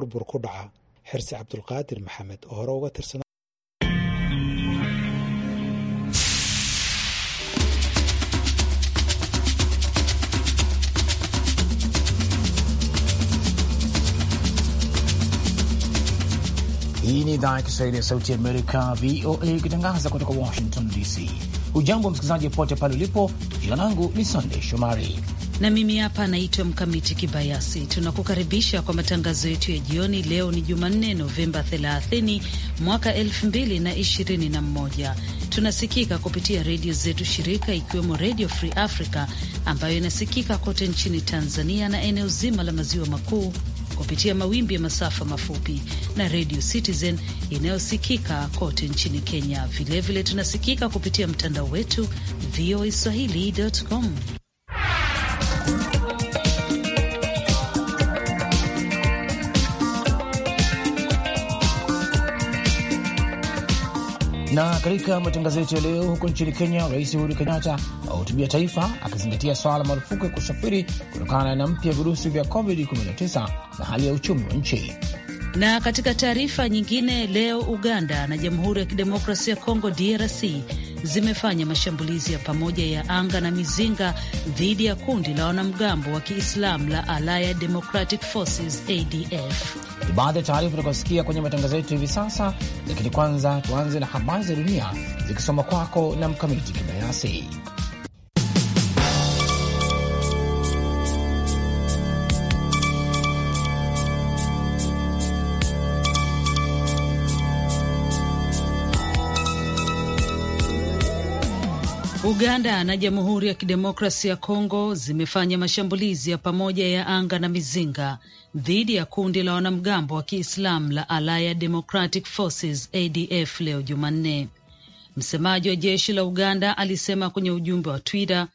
burbur ku dhaca xirsi cabdulqaadir maxamed oo hore uga tirsan Hii ni idhaa ya Kiswahili ya Sauti ya Amerika, VOA, ikitangaza kutoka Washington DC. Hujambo msikilizaji popote pale ulipo. Jina langu ni Sandey Shomari na mimi hapa naitwa Mkamiti Kibayasi. Tunakukaribisha kwa matangazo yetu ya jioni. Leo ni Jumanne, Novemba 30 mwaka 2021. Tunasikika kupitia redio zetu shirika, ikiwemo Redio Free Africa ambayo inasikika kote nchini Tanzania na eneo zima la maziwa makuu kupitia mawimbi ya masafa mafupi na Radio Citizen inayosikika kote nchini Kenya. Vilevile vile tunasikika kupitia mtandao wetu voa swahilicom Na katika matangazo yetu ya leo, huko nchini Kenya, Rais Uhuru Kenyatta ahutubia taifa akizingatia swala la marufuku ya kusafiri kutokana na mpya virusi vya COVID-19 na hali ya uchumi wa nchi. Na katika taarifa nyingine leo, Uganda na Jamhuri ya Kidemokrasia ya Kongo DRC zimefanya mashambulizi ya pamoja ya anga na mizinga dhidi ya kundi la wanamgambo wa Kiislamu la Allied Democratic Forces ADF. Ni baadhi ya taarifa tunakosikia kwenye matangazo yetu hivi sasa, lakini kwanza tuanze na habari za dunia zikisoma kwako na Mkamiti Kibayasi. Uganda na Jamhuri ya Kidemokrasi ya Kongo zimefanya mashambulizi ya pamoja ya anga na mizinga dhidi ya kundi la wanamgambo wa Kiislamu la Allied Democratic Forces ADF leo Jumanne. Msemaji wa jeshi la Uganda alisema kwenye ujumbe wa Twitter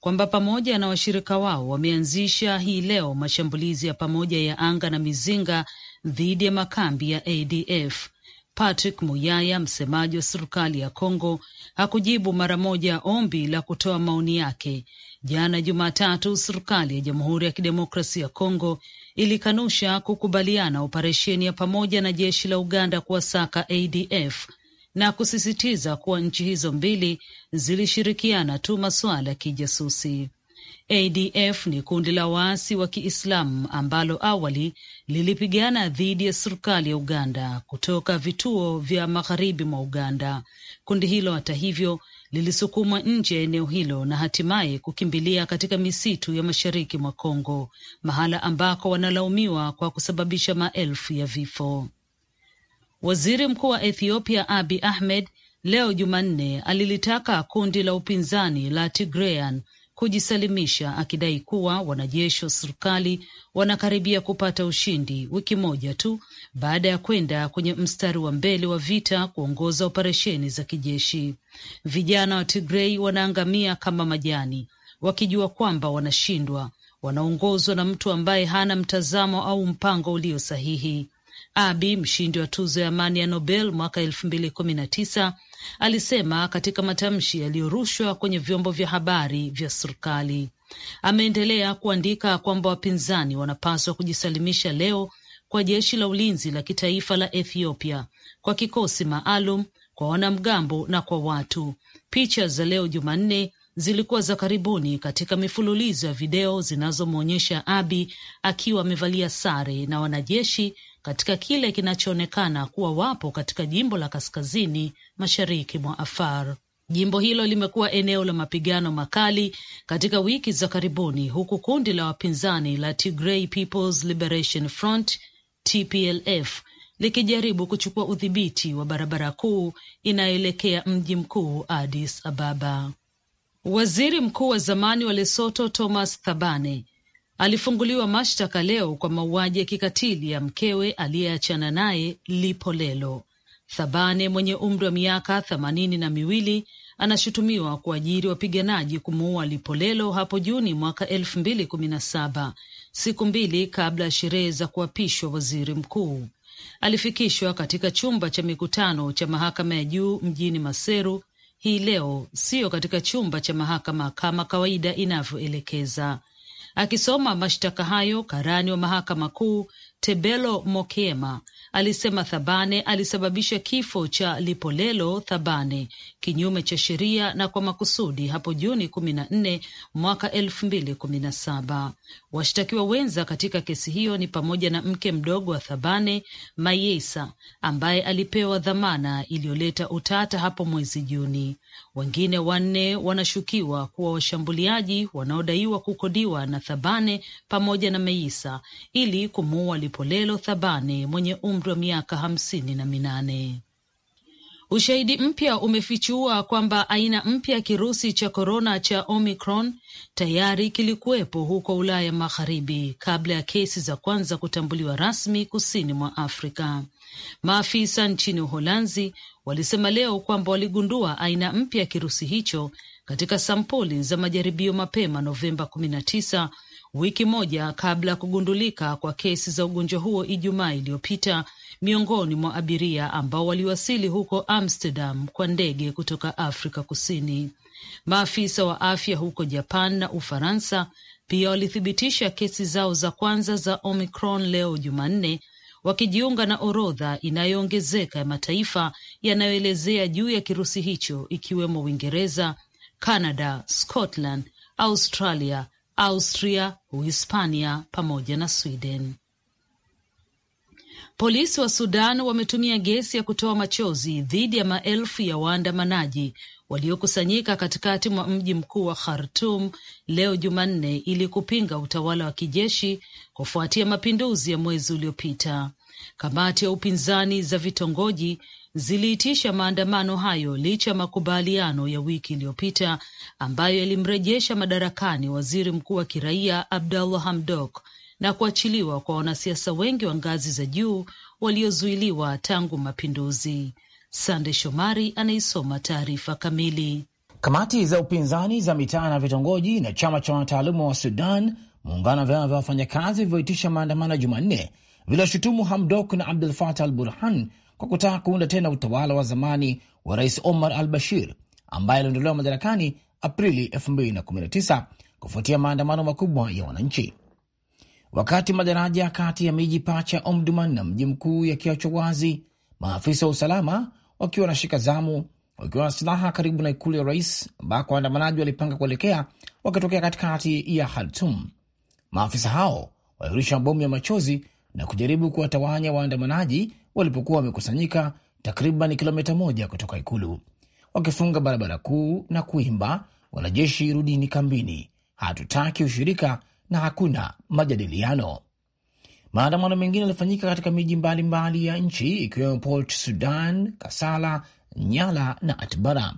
kwamba pamoja na washirika wao wameanzisha hii leo mashambulizi ya pamoja ya anga na mizinga dhidi ya makambi ya ADF Patrick Muyaya, msemaji wa serikali ya Kongo, hakujibu mara moja ombi la kutoa maoni yake. Jana Jumatatu, serikali ya Jamhuri ya Kidemokrasia ya Kongo ilikanusha kukubaliana operesheni ya pamoja na jeshi la Uganda kuwasaka ADF na kusisitiza kuwa nchi hizo mbili zilishirikiana tu masuala ya kijasusi. ADF ni kundi la waasi wa Kiislamu ambalo awali lilipigana dhidi ya serikali ya Uganda kutoka vituo vya magharibi mwa Uganda. Kundi hilo hata hivyo lilisukumwa nje ya eneo hilo na hatimaye kukimbilia katika misitu ya mashariki mwa Kongo, mahala ambako wanalaumiwa kwa kusababisha maelfu ya vifo. Waziri Mkuu wa Ethiopia Abiy Ahmed leo Jumanne alilitaka kundi la upinzani la Tigrean kujisalimisha akidai kuwa wanajeshi wa serikali wanakaribia kupata ushindi, wiki moja tu baada ya kwenda kwenye mstari wa mbele wa vita kuongoza operesheni za kijeshi. Vijana wa Tigrei wanaangamia kama majani, wakijua kwamba wanashindwa, wanaongozwa na mtu ambaye hana mtazamo au mpango ulio sahihi. Abi, mshindi wa tuzo ya amani ya Nobel mwaka elfu mbili kumi na tisa, alisema katika matamshi yaliyorushwa kwenye vyombo vya habari vya serikali. Ameendelea kuandika kwamba wapinzani wanapaswa kujisalimisha leo kwa jeshi la ulinzi la kitaifa la Ethiopia, kwa kikosi maalum, kwa wanamgambo na kwa watu. Picha za leo Jumanne zilikuwa za karibuni katika mifululizo ya video zinazomwonyesha Abi akiwa amevalia sare na wanajeshi katika kile kinachoonekana kuwa wapo katika jimbo la kaskazini mashariki mwa Afar. Jimbo hilo limekuwa eneo la mapigano makali katika wiki za karibuni, huku kundi la wapinzani la Tigray People's Liberation Front TPLF likijaribu kuchukua udhibiti wa barabara kuu inayoelekea mji mkuu Addis Ababa. Waziri mkuu wa zamani wa lesoto Thomas Thabane alifunguliwa mashtaka leo kwa mauaji ya kikatili ya mkewe aliyeachana naye Lipolelo. Thabane mwenye umri wa miaka themanini na miwili anashutumiwa kuajiri wapiganaji kumuua Lipolelo hapo Juni mwaka elfu mbili kumi na saba, siku mbili kabla ya sherehe za kuapishwa waziri mkuu. Alifikishwa katika chumba cha mikutano cha mahakama ya juu mjini Maseru hii leo, siyo katika chumba cha mahakama kama kawaida inavyoelekeza. Akisoma mashtaka hayo, karani wa mahakama kuu Tebelo Mokema alisema Thabane alisababisha kifo cha Lipolelo Thabane kinyume cha sheria na kwa makusudi hapo Juni kumi na nne mwaka elfu mbili kumi na saba. Washtakiwa wenza katika kesi hiyo ni pamoja na mke mdogo wa Thabane, Mayesa, ambaye alipewa dhamana iliyoleta utata hapo mwezi Juni. Wengine wanne wanashukiwa kuwa washambuliaji wanaodaiwa kukodiwa na Thabane pamoja na Mayesa ili kumuua Lipolelo Thabane mwenye umri wa miaka hamsini na minane. Ushahidi mpya umefichua kwamba aina mpya ya kirusi cha korona cha Omicron tayari kilikuwepo huko Ulaya Magharibi kabla ya kesi za kwanza kutambuliwa rasmi kusini mwa Afrika. Maafisa nchini Uholanzi walisema leo kwamba waligundua aina mpya ya kirusi hicho katika sampuli za majaribio mapema Novemba 19 wiki moja kabla ya kugundulika kwa kesi za ugonjwa huo Ijumaa iliyopita miongoni mwa abiria ambao waliwasili huko Amsterdam kwa ndege kutoka Afrika Kusini. Maafisa wa afya huko Japan na Ufaransa pia walithibitisha kesi zao za kwanza za Omicron leo Jumanne, wakijiunga na orodha inayoongezeka ya mataifa yanayoelezea juu ya kirusi hicho ikiwemo Uingereza, Canada, Scotland, Australia, Austria, Uhispania pamoja na Sweden. Polisi wa Sudan wametumia gesi ya kutoa machozi dhidi ya maelfu ya waandamanaji waliokusanyika katikati mwa mji mkuu wa Khartum leo Jumanne ili kupinga utawala wa kijeshi kufuatia mapinduzi ya mwezi uliopita. Kamati ya upinzani za vitongoji ziliitisha maandamano hayo licha ya makubaliano ya wiki iliyopita ambayo yalimrejesha madarakani waziri mkuu wa kiraia Abdallah Hamdok na kuachiliwa kwa wanasiasa wengi wa ngazi za juu waliozuiliwa tangu mapinduzi. Sande Shomari anaisoma taarifa kamili. Kamati za upinzani za mitaa na vitongoji na chama cha wataalamu wa Sudan, muungano wa vyama vya wafanyakazi vilivyoitisha maandamano ya Jumanne vilioshutumu Hamdok na Abdul Fatah al Burhan kwa kutaka kuunda tena utawala wa zamani wa Rais Omar al Bashir ambaye aliondolewa madarakani Aprili 2019 kufuatia maandamano makubwa ya wananchi. Wakati madaraja kati ya miji pacha Omdurman na mji mkuu yakiachwa wazi, maafisa wa usalama wakiwa wanashika zamu, wakiwa na silaha karibu na ikulu ya rais ambako waandamanaji walipanga kuelekea, wakitokea katikati ya hartum Maafisa hao walirusha mabomu ya machozi na kujaribu kuwatawanya waandamanaji walipokuwa wamekusanyika takriban kilomita moja kutoka ikulu, wakifunga barabara kuu na kuimba, wanajeshi rudini kambini, hatutaki ushirika na hakuna majadiliano. Maandamano mengine yalifanyika katika miji mbalimbali ya nchi ikiwemo Port Sudan, Kasala, Nyala na Atbara.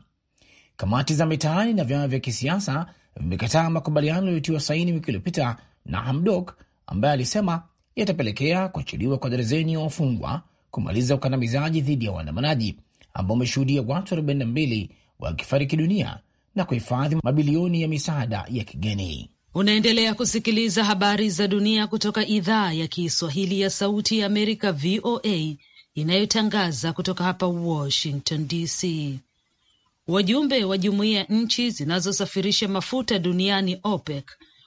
Kamati za mitaani na vyama vya kisiasa vimekataa makubaliano yaliyotiwa saini wiki iliyopita na Hamdok ambaye alisema yatapelekea kuachiliwa kwa darazeni ya wafungwa, kumaliza ukandamizaji dhidi ya waandamanaji ambao umeshuhudia watu 42 wakifariki dunia na kuhifadhi mabilioni ya misaada ya kigeni. Unaendelea kusikiliza habari za dunia kutoka idhaa ya Kiswahili ya Sauti ya Amerika, VOA, inayotangaza kutoka hapa Washington DC. Wajumbe wa jumuiya nchi zinazosafirisha mafuta duniani OPEC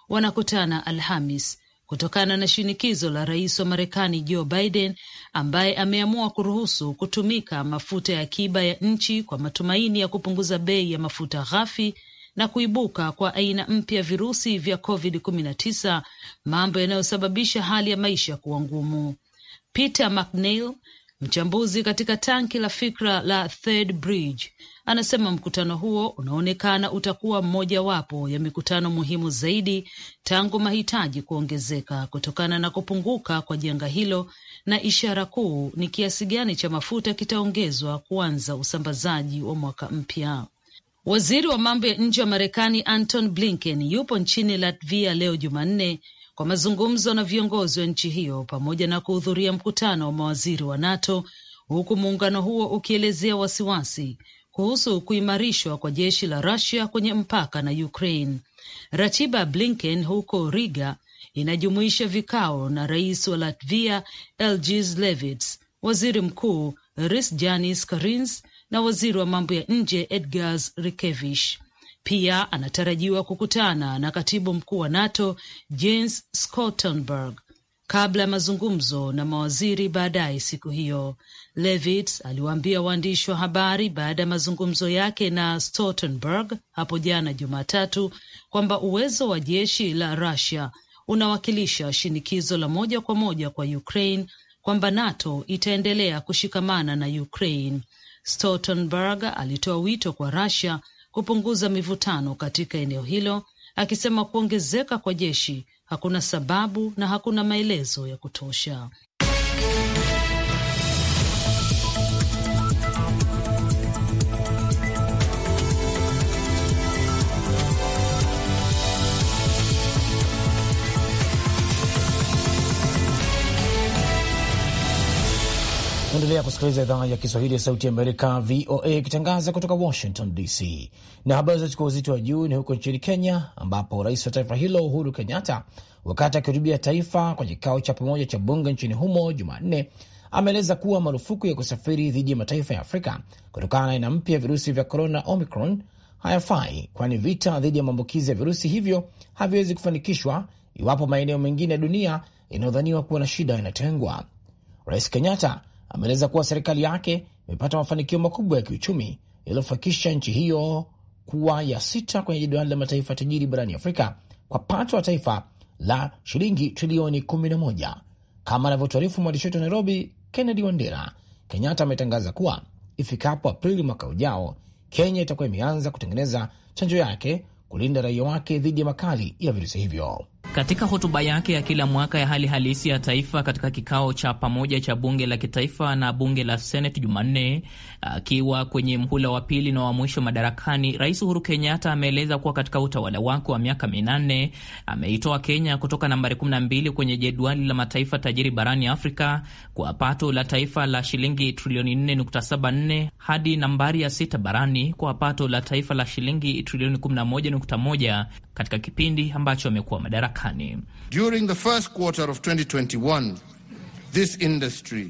wanakutana Alhamis kutokana na shinikizo la rais wa Marekani Joe Biden ambaye ameamua kuruhusu kutumika mafuta ya akiba ya nchi kwa matumaini ya kupunguza bei ya mafuta ghafi na kuibuka kwa aina mpya virusi vya COVID-19, mambo yanayosababisha hali ya maisha kuwa ngumu. Peter mcneil mchambuzi katika tanki la fikra la Third Bridge, anasema mkutano huo unaonekana utakuwa mmojawapo ya mikutano muhimu zaidi tangu mahitaji kuongezeka kutokana na kupunguka kwa janga hilo, na ishara kuu ni kiasi gani cha mafuta kitaongezwa kuanza usambazaji wa mwaka mpya. Waziri wa mambo ya nje wa Marekani Anton Blinken yupo nchini Latvia leo Jumanne kwa mazungumzo na viongozi wa nchi hiyo pamoja na kuhudhuria mkutano wa mawaziri wa NATO, huku muungano huo ukielezea wasiwasi kuhusu kuimarishwa kwa jeshi la Rusia kwenye mpaka na Ukraine. Ratiba ya Blinken huko Riga inajumuisha vikao na rais wa Latvia Elgis Levits, waziri mkuu Risjanis Karins na waziri wa mambo ya nje Edgars Rikevish. Pia anatarajiwa kukutana na katibu mkuu wa NATO Jens Stoltenberg kabla ya mazungumzo na mawaziri baadaye siku hiyo. Levits aliwaambia waandishi wa habari baada ya mazungumzo yake na Stoltenberg hapo jana Jumatatu kwamba uwezo wa jeshi la Russia unawakilisha shinikizo la moja kwa moja kwa Ukraine kwamba NATO itaendelea kushikamana na Ukraine Stoltenberg alitoa wito kwa Russia kupunguza mivutano katika eneo hilo, akisema kuongezeka kwa jeshi hakuna sababu na hakuna maelezo ya kutosha. Unaendelea kusikiliza idhaa ya Kiswahili ya Sauti ya Amerika, VOA, ikitangaza kutoka Washington DC. Na habari chukua uzito wa juu ni huko nchini Kenya, ambapo rais wa taifa hilo Uhuru Kenyatta, wakati akihutubia taifa kwenye kikao cha pamoja cha bunge nchini humo Jumanne, ameeleza kuwa marufuku ya kusafiri dhidi ya mataifa ya Afrika kutokana na aina mpya ya virusi vya korona, Omicron, hayafai, kwani vita dhidi ya maambukizi ya virusi hivyo haviwezi kufanikishwa iwapo maeneo mengine ya dunia yanayodhaniwa kuwa na shida yanatengwa. Rais Kenyatta ameeleza kuwa serikali yake imepata mafanikio makubwa ya kiuchumi yaliyofanikisha nchi hiyo kuwa ya sita kwenye jedwali la mataifa tajiri barani Afrika kwa pato la taifa la shilingi trilioni 11. Kama anavyotuarifu mwandishi wetu wa Nairobi, Kennedy Wandera, Kenyatta ametangaza kuwa ifikapo Aprili mwaka ujao, Kenya itakuwa imeanza kutengeneza chanjo yake kulinda raia wake dhidi ya makali ya virusi hivyo. Katika hotuba yake ya kila mwaka ya hali halisi ya taifa katika kikao cha pamoja cha bunge la kitaifa na bunge la Seneti Jumanne, akiwa kwenye mhula wa pili na wa mwisho madarakani, Rais Uhuru Kenyatta ameeleza kuwa katika utawala wake wa miaka minane ameitoa Kenya kutoka nambari 12 kwenye jedwali la mataifa tajiri barani Afrika kwa pato la taifa la shilingi trilioni 4.74 hadi nambari ya sita barani kwa pato la taifa la shilingi trilioni 11.1 katika kipindi ambacho amekuwa madarakani. During the first quarter of 2021, this industry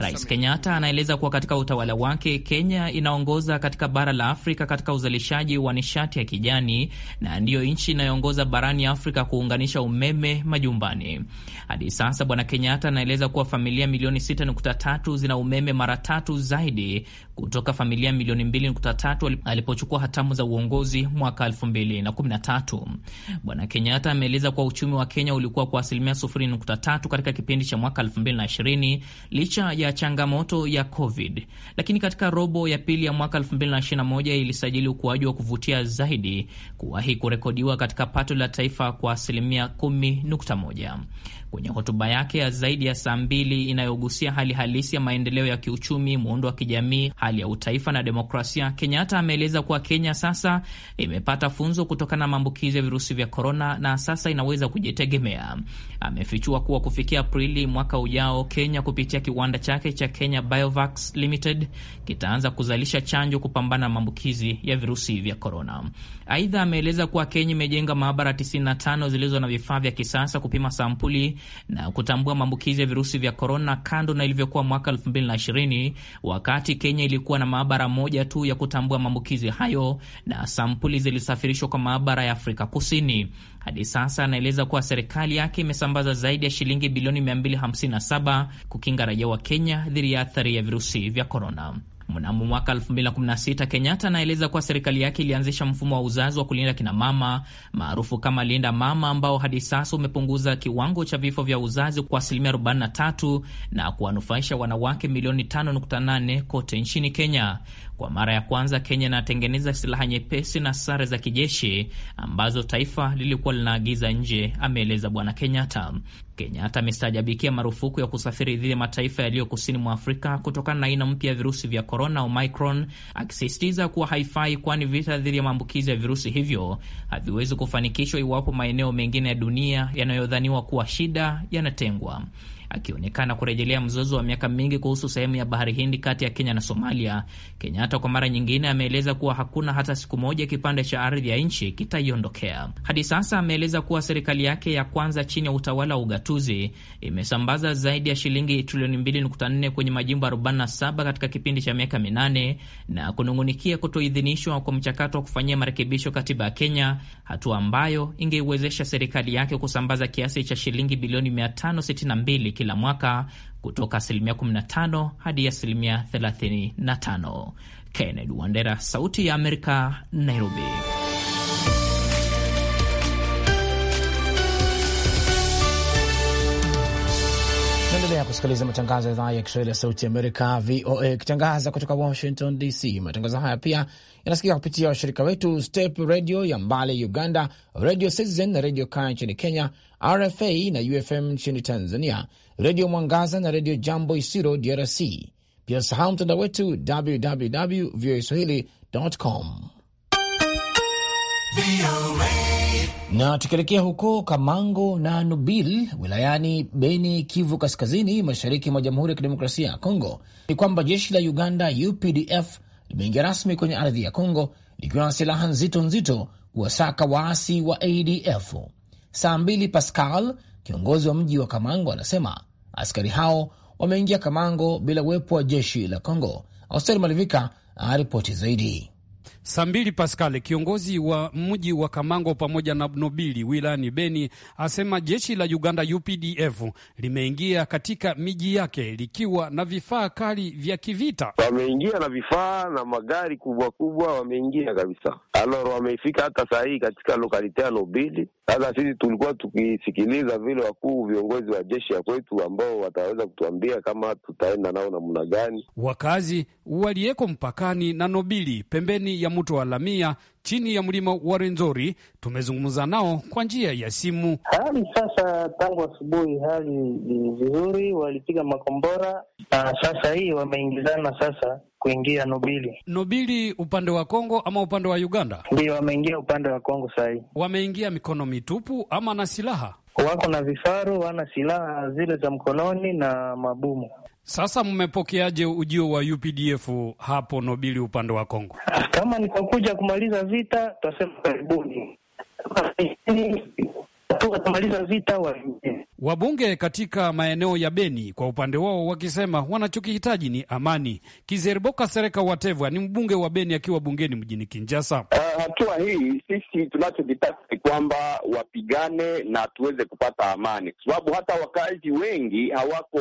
Rais Kenyatta anaeleza kuwa katika utawala wake Kenya inaongoza katika bara la Afrika katika uzalishaji wa nishati ya kijani na ndiyo nchi inayoongoza barani Afrika kuunganisha umeme majumbani. Hadi sasa, Bwana Kenyatta anaeleza kuwa familia milioni 6.3 zina umeme mara tatu zaidi kutoka familia milioni 2.3 alipochukua hatamu za uongozi mwaka 2013. Bwana Kenyatta ameeleza kuwa uchumi wa Kenya ulikuwa kwa asilimia 0.3 katika kipindi cha mwaka 2020 licha ya changamoto ya COVID, lakini katika robo ya pili ya mwaka 2021 ilisajili ukuaji wa kuvutia zaidi kuwahi kurekodiwa katika pato la taifa kwa asilimia 10.1 kwenye hotuba yake ya zaidi ya saa mbili inayogusia hali halisi ya maendeleo ya kiuchumi, muundo wa kijamii, hali ya utaifa na demokrasia, Kenyatta ameeleza kuwa Kenya sasa imepata funzo kutokana na maambukizi ya virusi vya korona na sasa inaweza kujitegemea. Amefichua kuwa kufikia Aprili mwaka ujao, Kenya kupitia kiwanda chake cha Kenya Biovax Limited kitaanza kuzalisha chanjo kupambana na maambukizi ya virusi vya korona. Aidha, ameeleza kuwa Kenya imejenga maabara 95 zilizo na vifaa vya kisasa kupima sampuli na kutambua maambukizi ya virusi vya korona, kando na ilivyokuwa mwaka 2020 wakati Kenya ilikuwa na maabara moja tu ya kutambua maambukizi hayo na sampuli zilisafirishwa kwa maabara ya Afrika Kusini. Hadi sasa anaeleza kuwa serikali yake imesambaza zaidi ya shilingi bilioni 257 kukinga raia wa Kenya dhidi ya athari ya virusi vya korona. Mnamo mwaka 2016 Kenyatta anaeleza kuwa serikali yake ilianzisha mfumo wa uzazi wa kulinda kinamama maarufu kama Linda Mama, ambao hadi sasa umepunguza kiwango cha vifo vya uzazi kwa asilimia 43 na kuwanufaisha wanawake milioni 5.8 kote nchini Kenya. Kwa mara ya kwanza Kenya inatengeneza silaha nyepesi na sare za kijeshi ambazo taifa lilikuwa linaagiza nje, ameeleza Bwana Kenyatta. Kenyatta amestaajabikia marufuku ya kusafiri dhidi ya mataifa yaliyo kusini mwa Afrika kutokana na aina mpya ya virusi vya korona, Omicron, akisisitiza kuwa haifai, kwani vita dhidi ya maambukizi ya virusi hivyo haviwezi kufanikishwa iwapo maeneo mengine ya dunia yanayodhaniwa kuwa shida yanatengwa akionekana kurejelea mzozo wa miaka mingi kuhusu sehemu ya bahari Hindi kati ya Kenya na Somalia. Kenyatta kwa mara nyingine ameeleza kuwa hakuna hata siku moja kipande cha ardhi ya nchi kitaiondokea. Hadi sasa ameeleza kuwa serikali yake ya kwanza chini ya utawala wa ugatuzi imesambaza zaidi ya shilingi trilioni 2.4 kwenye majimbo 47 katika kipindi cha miaka minane na kunung'unikia kutoidhinishwa kwa mchakato wa kufanyia marekebisho katiba ya Kenya, hatua ambayo ingeiwezesha serikali yake kusambaza kiasi cha shilingi bilioni 562 kila mwaka kutoka asilimia 15 hadi asilimia 35. Kennedy Wandera, Sauti ya Amerika, Nairobi. kusikiliza matangazo ya idhaa ya Kiswahili ya Sauti Amerika, VOA, ikitangaza kutoka Washington DC. Matangazo haya pia yanasikika kupitia washirika wetu Step Radio ya Mbale Uganda, Radio Citizen na Radio Kaya nchini Kenya, RFA na UFM nchini Tanzania, Redio Mwangaza na Redio Jambo Isiro DRC. Pia sahau mtandao wetu www voa swahili com. Na tukielekea huko Kamango na Nubil wilayani Beni, Kivu Kaskazini, mashariki mwa Jamhuri ya Kidemokrasia ya Kongo, ni kwamba jeshi la Uganda UPDF limeingia rasmi kwenye ardhi ya Kongo likiwa na silaha nzito nzito kuwasaka waasi wa ADF. Saa mbili, Pascal, kiongozi wa mji wa Kamango, anasema askari hao wameingia Kamango bila uwepo wa jeshi la Kongo. Austeri Malivika aripoti zaidi. Sambili Pascal, kiongozi wa mji wa Kamango pamoja na Nobili wilayani Beni, asema jeshi la Uganda UPDF limeingia katika miji yake likiwa na vifaa kali vya kivita. Wameingia na vifaa na magari kubwa kubwa, wameingia kabisa. Alor, wamefika hata sahii katika lokalite ya Nobili. Sasa sisi tulikuwa tukisikiliza vile wakuu viongozi wa jeshi ya kwetu ambao wataweza kutuambia kama tutaenda nao namna gani. Wakazi waliyeko mpakani na Nobili pembeni ya mto wa Lamia chini ya mlima wa Renzori. Tumezungumza nao kwa njia ya simu. Hali sasa, tangu asubuhi hali ni vizuri, walipiga makombora na sasa hii wameingizana sasa kuingia Nobili. Nobili upande wa Kongo ama upande wa Uganda? Ndio, wameingia upande wa Kongo saa hii. Wameingia mikono mitupu ama na silaha? Wako na vifaru, wana silaha zile za mkononi na mabomu. Sasa mmepokeaje ujio wa UPDF hapo Nobili upande wa Kongo? Kama ni kwa kuja kumaliza vita, tutasema karibuni watamaliza vita wa wabunge katika maeneo ya Beni kwa upande wao wakisema wanachokihitaji ni amani. Kizeriboka Sereka Watevwa ni mbunge wa Beni akiwa bungeni mjini Kinjasa. Uh, eh, hatua hii sisi tunachokitaka ni kwamba wapigane na tuweze kupata amani, kwa sababu hata wakazi wengi hawako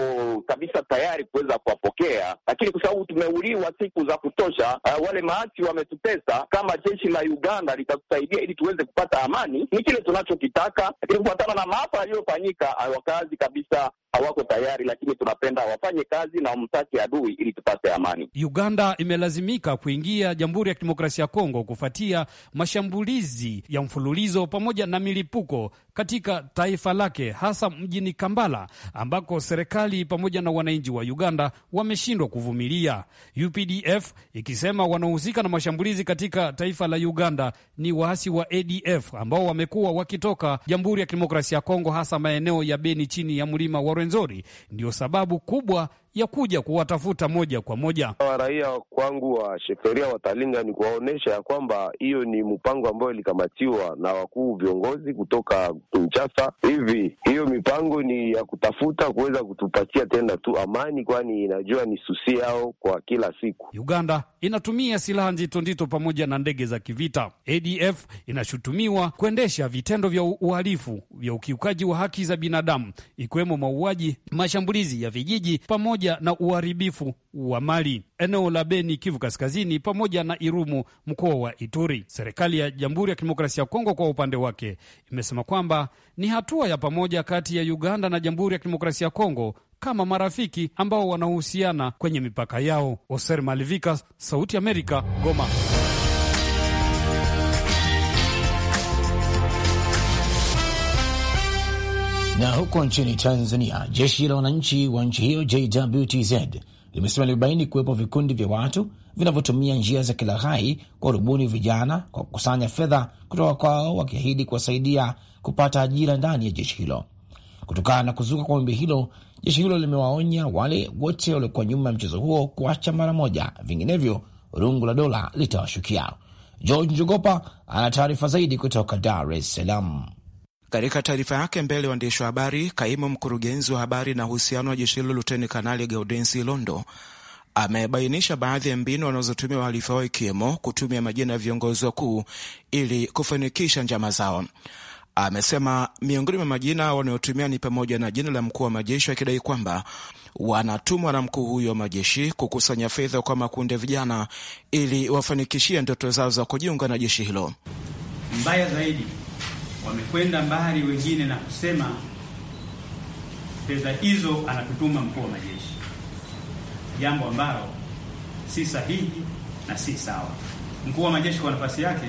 kabisa tayari kuweza kuwapokea, lakini kwa sababu tumeuliwa siku za kutosha, uh, wale maasi wametutesa. Kama jeshi la Uganda litatusaidia ili tuweze kupata amani, ni kile tunachokitaka lakini kufuatana na maafa yaliyofanyika, wakazi kabisa hawako tayari, lakini tunapenda wafanye kazi na wamtake adui ili tupate amani. Uganda imelazimika kuingia Jamhuri ya Kidemokrasia ya Kongo kufuatia mashambulizi ya mfululizo pamoja na milipuko katika taifa lake, hasa mjini Kampala ambako serikali pamoja na wananchi wa Uganda wameshindwa kuvumilia, UPDF ikisema wanaohusika na mashambulizi katika taifa la Uganda ni waasi wa ADF ambao wamekuwa wakitoka Jamhuri ya Kidemokrasia ya Kongo, hasa maeneo ya Beni chini ya mlima wa nzuri ndio sababu kubwa ya kuja kuwatafuta moja kwa moja. Wa raia kwangu wa sheferia watalinga ni kuwaonyesha ya kwamba hiyo ni mpango ambayo ilikamatiwa na wakuu viongozi kutoka Kinshasa. Hivi hiyo mipango ni ya kutafuta kuweza kutupatia tena tu amani, kwani inajua ni susi yao kwa kila siku. Uganda inatumia silaha nzito nzito pamoja na ndege za kivita. ADF inashutumiwa kuendesha vitendo vya uhalifu vya ukiukaji wa haki za binadamu, ikiwemo mauaji, mashambulizi ya vijiji pamoja pamoja na uharibifu wa mali eneo la Beni, Kivu Kaskazini, pamoja na Irumu, mkoa wa Ituri. Serikali ya Jamhuri ya Kidemokrasia ya Kongo kwa upande wake imesema kwamba ni hatua ya pamoja kati ya Uganda na Jamhuri ya Kidemokrasia ya Kongo kama marafiki ambao wanahusiana kwenye mipaka yao. Oser Malivika, Sauti Amerika, Goma. Na huko nchini Tanzania, jeshi la wananchi wa nchi hiyo JWTZ limesema limebaini kuwepo vikundi vya watu vinavyotumia njia za kilaghai kwa rubuni vijana kwa kukusanya fedha kutoka kwao, wakiahidi kuwasaidia kupata ajira ndani ya jeshi hilo. Kutokana na kuzuka kwa wimbi hilo, jeshi hilo limewaonya wale wote waliokuwa nyuma ya mchezo huo kuacha mara moja, vinginevyo rungu la dola litawashukia. George Njogopa ana taarifa zaidi kutoka Dar es Salaam. Katika taarifa yake mbele waandishi wa habari, kaimu mkurugenzi wa habari na uhusiano wa jeshi hilo Luteni Kanali Gaudensi Londo amebainisha baadhi ya mbinu wanazotumia wahalifu hao ikiwemo kutumia majina ya viongozi wakuu ili kufanikisha njama zao. Amesema miongoni mwa majina wanayotumia ni pamoja na jina la mkuu wa majeshi, akidai kwamba wanatumwa na mkuu huyo wa majeshi kukusanya fedha kwa makundi ya vijana ili wafanikishie ndoto zao za kujiunga na jeshi hilo. Mbaya zaidi wamekwenda mbali wengine na kusema fedha hizo anatutuma mkuu wa majeshi, jambo ambalo si sahihi na si sawa. Mkuu wa majeshi kwa nafasi yake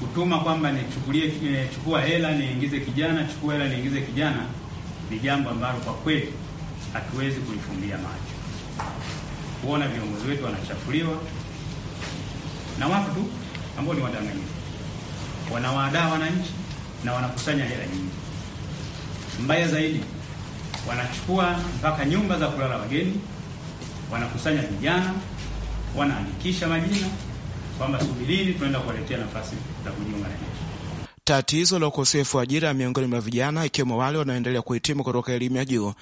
kutuma kwamba nichukulie, chukua hela niingize kijana, chukua hela niingize kijana, ni jambo ambalo kwa kweli hatuwezi kulifumbia macho, kuona viongozi wetu wanachafuliwa na watu tu ambao ni wadanganyifu wanawaadaa wananchi na wanakusanya hela nyingi. Mbaya zaidi, wanachukua mpaka nyumba za kulala wageni, wanakusanya vijana, wanaandikisha majina kwamba subirini, tunaenda kuwaletea nafasi za kujiunga na jeshi. Tatizo la ukosefu wa ajira miongoni mwa vijana, ikiwemo wale wanaoendelea kuhitimu kutoka elimu ya juu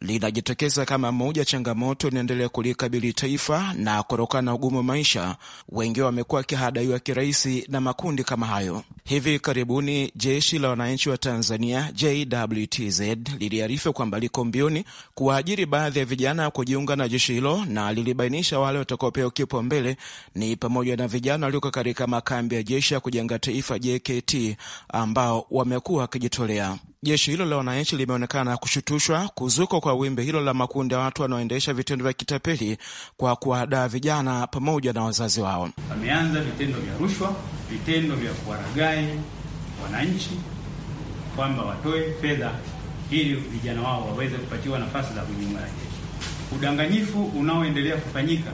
linajitokeza kama moja changamoto inaendelea kulikabili taifa, na kutokana na ugumu wa maisha, wengi wamekuwa wakihadaiwa kirahisi na makundi kama hayo. Hivi karibuni jeshi la wananchi wa Tanzania JWTZ liliarifu kwamba liko mbioni kuwaajiri baadhi ya vijana kujiunga na jeshi hilo, na lilibainisha wale watakaopewa kipaumbele ni pamoja na vijana walioko katika makambi ya jeshi ya kujenga taifa JKT ambao wamekuwa wakijitolea Jeshi hilo la wananchi limeonekana kushutushwa kuzuka kwa wimbi hilo la makundi ya watu wanaoendesha vitendo vya kitapeli kwa kuwadaa vijana pamoja na wazazi wao. Wameanza vitendo vya rushwa, vitendo vya kuwaragai wananchi kwamba watoe fedha ili vijana wao waweze kupatiwa nafasi za kujiunga na jeshi. Udanganyifu unaoendelea kufanyika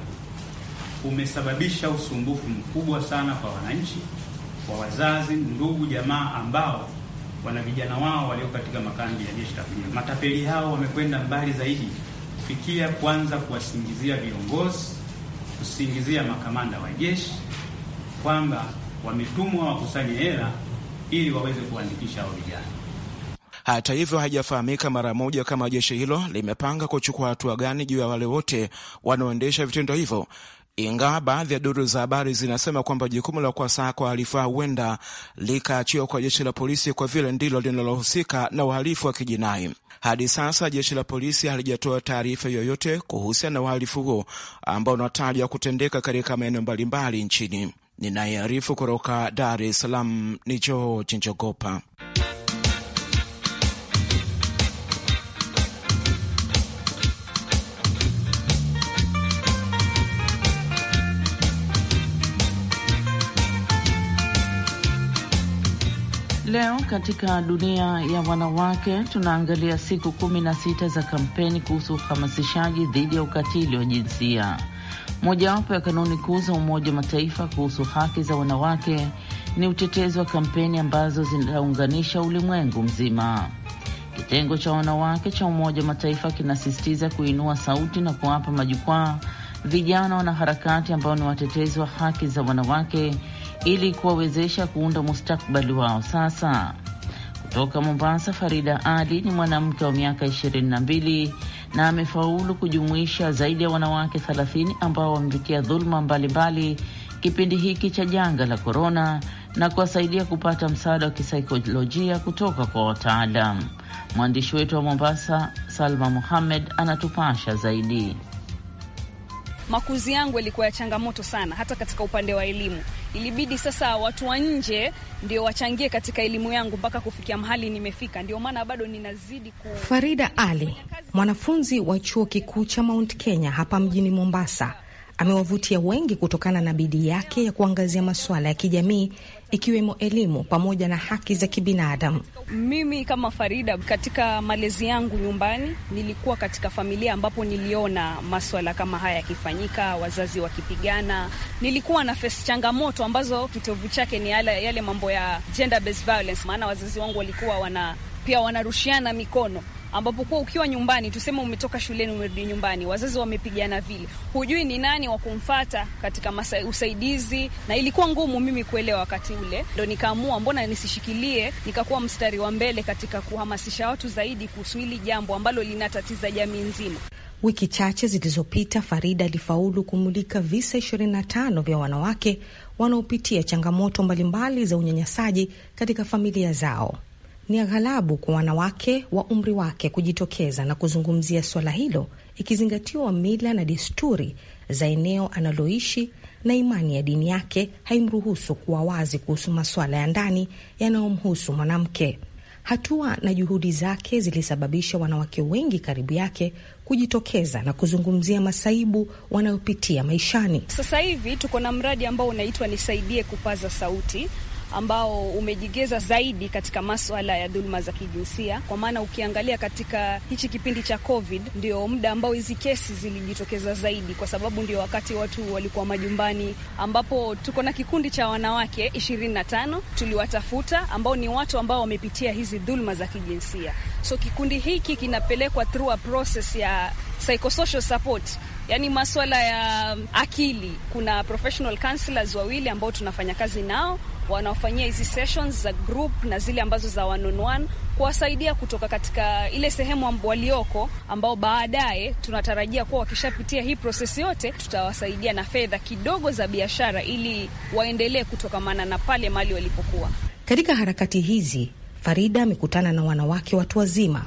umesababisha usumbufu mkubwa sana kwa wananchi, kwa wazazi, ndugu, jamaa ambao wana vijana wao walio katika makambi ya jeshi takwimu. Matapeli hao wamekwenda mbali zaidi kufikia kwanza kuwasingizia viongozi, kusingizia makamanda wa jeshi kwamba wametumwa wakusanye hela ili waweze kuandikisha hao vijana. Hata hivyo haijafahamika mara moja kama jeshi hilo limepanga kuchukua hatua gani juu ya wale wote wanaoendesha vitendo hivyo ingawa baadhi ya duru za habari zinasema kwamba jukumu la kuwasaka wahalifu hao huenda likaachiwa kwa jeshi la polisi kwa vile ndilo linalohusika na uhalifu wa kijinai. Hadi sasa jeshi la polisi halijatoa taarifa yoyote kuhusiana na uhalifu huo ambao unatajwa kutendeka katika maeneo mbalimbali nchini. Ninayearifu kutoka Dar es Salaam ni Joo Njogopa. Leo katika dunia ya wanawake tunaangalia siku kumi na sita za kampeni kuhusu uhamasishaji dhidi ya ukatili wa jinsia. Mojawapo ya kanuni kuu za Umoja wa Mataifa kuhusu haki za wanawake ni utetezi wa kampeni ambazo zinaunganisha ulimwengu mzima. Kitengo cha wanawake cha Umoja wa Mataifa kinasisitiza kuinua sauti na kuwapa majukwaa vijana wanaharakati ambao ni watetezi wa haki za wanawake ili kuwawezesha kuunda mustakbali wao sasa. Kutoka Mombasa, Farida Ali ni mwanamke wa miaka 22 na amefaulu kujumuisha zaidi ya wanawake 30 ambao wamepitia dhuluma mbalimbali kipindi hiki cha janga la korona na kuwasaidia kupata msaada wa kisaikolojia kutoka kwa wataalam. Mwandishi wetu wa Mombasa, Salma muhammed anatupasha zaidi makuzi yangu yalikuwa ya changamoto sana, hata katika upande wa elimu. Ilibidi sasa watu wa nje ndio wachangie katika elimu yangu mpaka kufikia mahali nimefika, ndio maana bado ninazidi ku... Farida Ali, mwanafunzi wa chuo kikuu cha Mount Kenya hapa mjini Mombasa, amewavutia wengi kutokana na bidii yake ya kuangazia masuala ya kijamii ikiwemo elimu pamoja na haki za kibinadamu. Mimi kama Farida, katika malezi yangu nyumbani, nilikuwa katika familia ambapo niliona maswala kama haya yakifanyika, wazazi wakipigana. Nilikuwa na face changamoto ambazo kitovu chake ni yale, yale mambo ya gender based violence, maana wazazi wangu walikuwa wana pia wanarushiana mikono ambapo kuwa ukiwa nyumbani, tuseme umetoka shuleni umerudi nyumbani, wazazi wamepigana vile, hujui ni nani wa kumfata katika masa, usaidizi, na ilikuwa ngumu mimi kuelewa wakati ule. Ndo nikaamua mbona nisishikilie, nikakuwa mstari wa mbele katika kuhamasisha watu zaidi kuhusu hili jambo ambalo linatatiza jamii nzima. Wiki chache zilizopita Farida alifaulu kumulika visa 25 vya wanawake wanaopitia changamoto mbalimbali za unyanyasaji katika familia zao ni aghalabu kwa wanawake wa umri wake kujitokeza na kuzungumzia swala hilo, ikizingatiwa mila na desturi za eneo analoishi na imani ya dini yake haimruhusu kuwa wazi kuhusu masuala ya ndani yanayomhusu mwanamke. Hatua na juhudi zake zilisababisha wanawake wengi karibu yake kujitokeza na kuzungumzia masaibu wanayopitia maishani. Sasa hivi tuko na mradi ambao unaitwa Nisaidie Kupaza Sauti ambao umejigeza zaidi katika maswala ya dhuluma za kijinsia, kwa maana ukiangalia katika hichi kipindi cha COVID ndio muda ambao hizi kesi zilijitokeza zaidi, kwa sababu ndio wakati watu walikuwa majumbani, ambapo tuko na kikundi cha wanawake 25 tuliwatafuta, ambao ni watu ambao wamepitia hizi dhuluma za kijinsia. So kikundi hiki kinapelekwa through a process ya psychosocial support yaani maswala ya akili. Kuna professional counselors wawili ambao tunafanya kazi nao wanaofanyia hizi sessions za group na zile ambazo za one on one, kuwasaidia kutoka katika ile sehemu walioko, ambao baadaye tunatarajia kuwa wakishapitia hii prosesi yote, tutawasaidia na fedha kidogo za biashara, ili waendelee kutokamana na pale mali walipokuwa. Katika harakati hizi, Farida amekutana na wanawake watu wazima,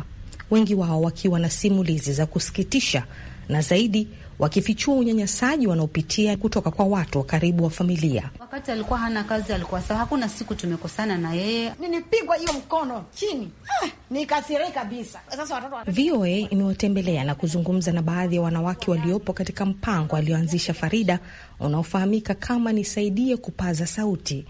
wengi wao wakiwa na simulizi za kusikitisha na zaidi wakifichua unyanyasaji wanaopitia kutoka kwa watu wa karibu wa familia. Wakati alikuwa hana kazi, alikuwa sawa, hakuna siku tumekosana na yeye. Nilipigwa hiyo mkono chini, ah, nikasiri kabisa. Sasa watoto wa VOA imewatembelea na kuzungumza na baadhi ya wanawake waliopo katika mpango alioanzisha Farida unaofahamika kama Nisaidie Kupaza Sauti.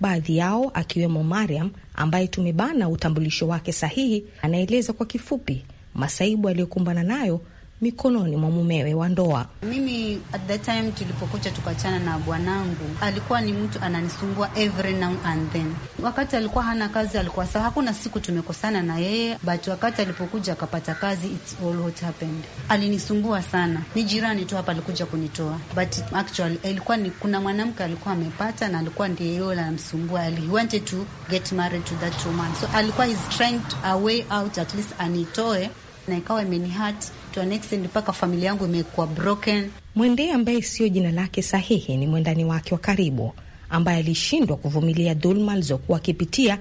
Baadhi yao akiwemo Mariam ambaye tumebana utambulisho wake sahihi, anaeleza kwa kifupi masaibu aliyokumbana nayo mikononi mwa mumewe wa ndoa. Mimi at the time tulipokucha tukachana na bwanangu, alikuwa ni mtu ananisumbua every now and then. Wakati alikuwa hana kazi alikuwa sawa, hakuna siku tumekosana na yeye, but wakati alipokuja akapata kazi, it all what happened. Alinisumbua sana, ni jirani tu hapa alikuja kunitoa, but actually ilikuwa ni kuna mwanamke alikuwa amepata na alikuwa ndiye yeye anamsumbua, he wanted to get married to that woman, so alikuwa is trying a way out, at least anitoe na ikawa imenihurt to an extent mpaka familia yangu imekuwa broken. Mwendee ambaye sio jina lake sahihi ni mwendani wake wa karibu ambaye alishindwa kuvumilia dhuluma alizokuwa akipitia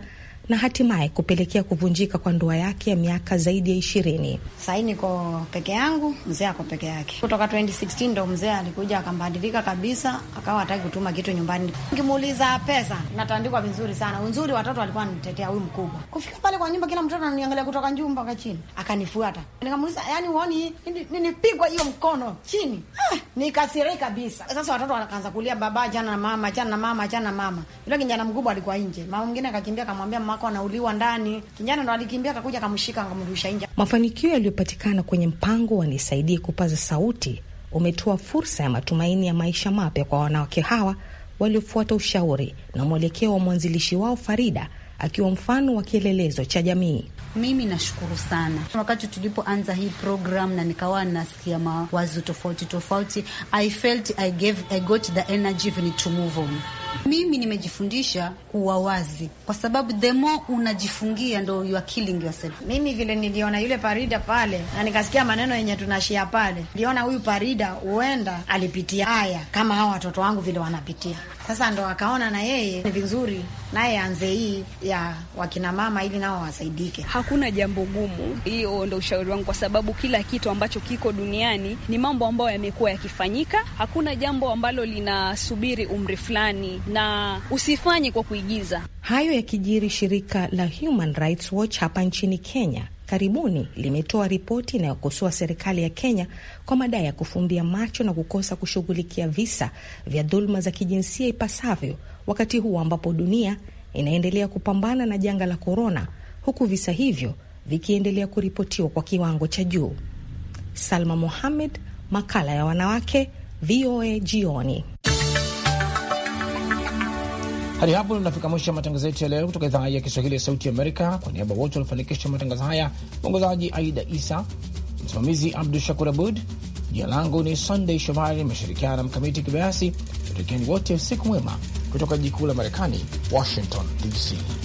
na hatimaye kupelekea kuvunjika kwa ndoa yake ya miaka zaidi ya ishirini. Sahii niko peke yangu, mzee ako peke yake. Kutoka 2016 ndo mzee alikuja akambadilika kabisa, akawa hataki kutuma kitu nyumbani. Nkimuuliza pesa, natandikwa vizuri sana. unzuri, watoto alikuwa ananitetea huyu mkubwa. Kufika pale kwa nyumba, kila mtoto ananiangalia kutoka juu mpaka chini, akanifuata. Nikamuuliza yani, uoni ninipigwa hiyo mkono chini? Ah, nikasiri kabisa. Sasa watoto wakaanza kulia, baba jana na mama, jana na mama, jana na mama. Yule kijana mkubwa alikuwa nje, mama mwingine akakimbia akamwambia wako wanauliwa ndani. Kijana ndo alikimbia akakuja akamshika akamrusha nje. Mafanikio yaliyopatikana kwenye mpango wa Nisaidie Kupaza Sauti umetoa fursa ya matumaini ya maisha mapya kwa wanawake hawa waliofuata ushauri na mwelekeo wa mwanzilishi wao Farida akiwa mfano wa kielelezo cha jamii. Mimi nashukuru sana wakati tulipoanza hii program, na nikawa nasikia mawazo tofauti tofauti. I felt I gave, I got the energy to move on. Mimi nimejifundisha kuwa wazi, kwa sababu the more unajifungia ndo you are killing yourself. Mimi vile niliona yule Parida pale na nikasikia maneno yenye tunashia pale, niliona huyu Parida huenda alipitia haya kama hawa watoto wangu vile wanapitia sasa ndo akaona na yeye ni vizuri naye anze hii ya wakinamama ili nao wasaidike. Hakuna jambo gumu, hiyo ndo ushauri wangu, kwa sababu kila kitu ambacho kiko duniani ni mambo ambayo yamekuwa yakifanyika. Hakuna jambo ambalo linasubiri umri fulani, na usifanye kwa kuigiza. Hayo yakijiri, shirika la Human Rights Watch hapa nchini Kenya karibuni limetoa ripoti inayokosoa serikali ya Kenya kwa madai ya kufumbia macho na kukosa kushughulikia visa vya dhuluma za kijinsia ipasavyo, wakati huu ambapo dunia inaendelea kupambana na janga la korona, huku visa hivyo vikiendelea kuripotiwa kwa kiwango cha juu. Salma Mohamed, makala ya wanawake, VOA jioni. Hadi hapo tunafika mwisho wa matangazo yetu ya leo kutoka idhaa ya Kiswahili ya Sauti Amerika. Kwa niaba wote walifanikisha matangazo haya, mwongozaji Aida Isa, msimamizi Abdu Shakur Abud. Jina langu ni Sunday Shomari, nimeshirikiana na Mkamiti Kibayasi. Tutakieni wote usiku mwema kutoka jiji kuu la Marekani, Washington DC.